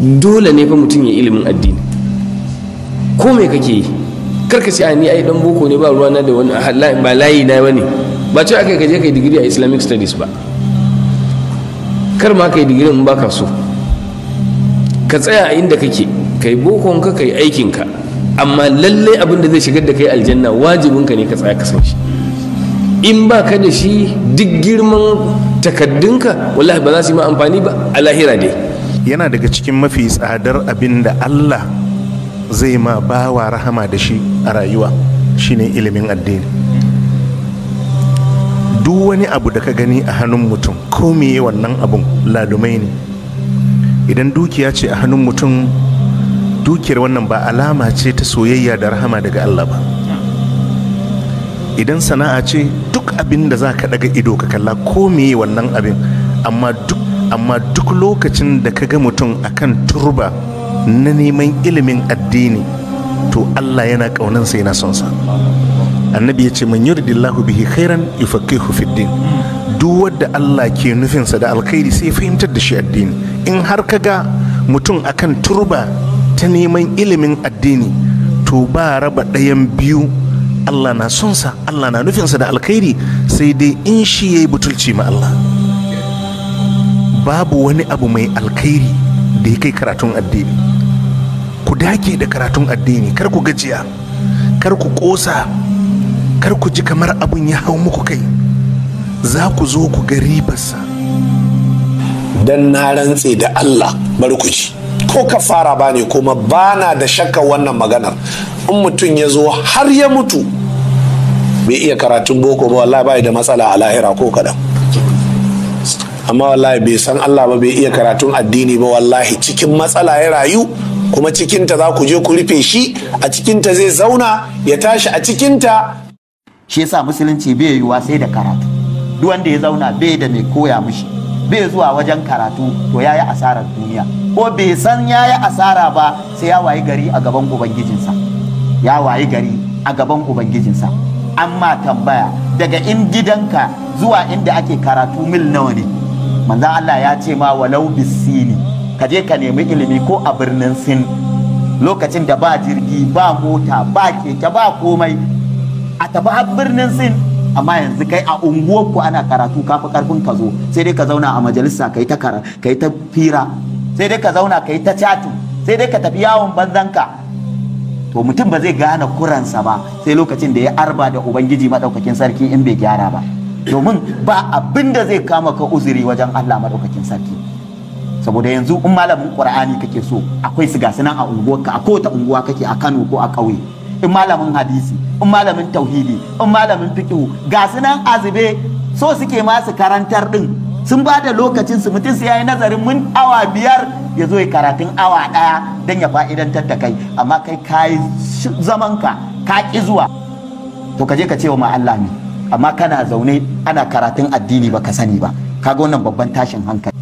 dole ne fa mutum ya ilimin addini ko me kake yi karka ce a ni ai dan boko ne ba na da wani ba layi na bane ba ce aka kaje kai digiri a islamic studies ba kar ma kai digiri in baka so ka tsaya a inda kake kai bokon ka kai aikin ka amma lallai abin da zai shigar da kai aljanna wajibin ka ne ka tsaya ka san shi in ba ka da shi duk girman takaddunka wallahi ba za su yi ma amfani ba a lahira dai yana daga cikin mafi tsadar abin da Allah zai ma bawa rahama da shi a rayuwa shine ilimin addini duk wani abu da ka gani a hannun mutum ko meye wannan abun lalumai ne idan dukiya ce a hannun mutum dukiyar wannan ba alama ce ta soyayya da rahama daga Allah ba idan sana'a ce duk abin da za ka daga ido ka kalla ko meye wannan abin amma duk amma duk lokacin da ka ga mutum akan turba na neman ilimin addini to Allah yana ƙaunansa yana son sa annabi ya ce man yuridillahu bihi khairan yufaqihu fid din duk wanda Allah ke nufinsa da alkhairi sai fahimtar da shi addini in har ka ga mutum akan turba ta neman ilimin addini to ba raba ɗayan biyu Allah na son sa Allah na nufinsa da alkhairi sai dai in shi yayi butulci ma Allah babu wani abu mai alkhairi da ya kai karatun addini ku dake da karatun addini kar ku gajiya kar ku kosa kar ku ji kamar abun ya hau muku kai za ku zo ku ga ribarsa dan na rantse da Allah bari ku ji ko ka fara ba ne kuma ba na da shakka wannan maganar in mutum ya zo har ya mutu bai iya karatun boko ba wallahi bai da matsala a lahira ko kaɗan amma wallahi bai san Allah ba bai iya karatun addini ba wallahi cikin matsala ya rayu kuma cikinta za ku je ku rufe shi a cikinta zai zauna ya tashi a cikinta shi yasa musulunci bai yiwuwa sai da karatu duk wanda ya zauna bai da mai koya mishi bai zuwa wajen karatu to yayi asarar duniya ko bai san yayi asara ba sai ya wayi gari a gaban ubangijinsa ya wayi gari a gaban ubangijinsa amma tambaya daga in gidanka zuwa inda ake karatu mil nawa ne manzan Allah ya ce ma walau bisini ka je ka nemi ilimi ko a birnin sin lokacin da ba jirgi ba mota ba keke ba komai a tafi birnin sin amma yanzu kai a unguwarku ana karatu kafi karfin ka zo sai dai ka zauna a majalisa kai ta kara kai ta fira sai dai ka zauna kai ta chatu. sai dai ka tafi yawon banzanka to mutum ba zai gane kuransa ba sai lokacin da ya arba da ubangiji madaukakin sarki in bai gyara ba domin ba abin da zai kama ka uzuri wajen Allah madaukakin sarki saboda yanzu in malamin qur'ani kake so akwai su gasu nan a unguwarka a kowace unguwa kake a Kano ko a ƙauye in malamin hadisi in malamin tauhidi in malamin fiqh gasu nan azube so suke ma su karantar din sun ba da lokacin su mutum su yayi nazarin mun awa biyar ya zo ya karatun awa daya dan ya fa'idantar da kai amma kai kayi zamanka ka ki zuwa to kaje ka ce wa ma Allah ne amma kana zaune ana karatun addini ba ka sani ba kaga wannan babban tashin hankali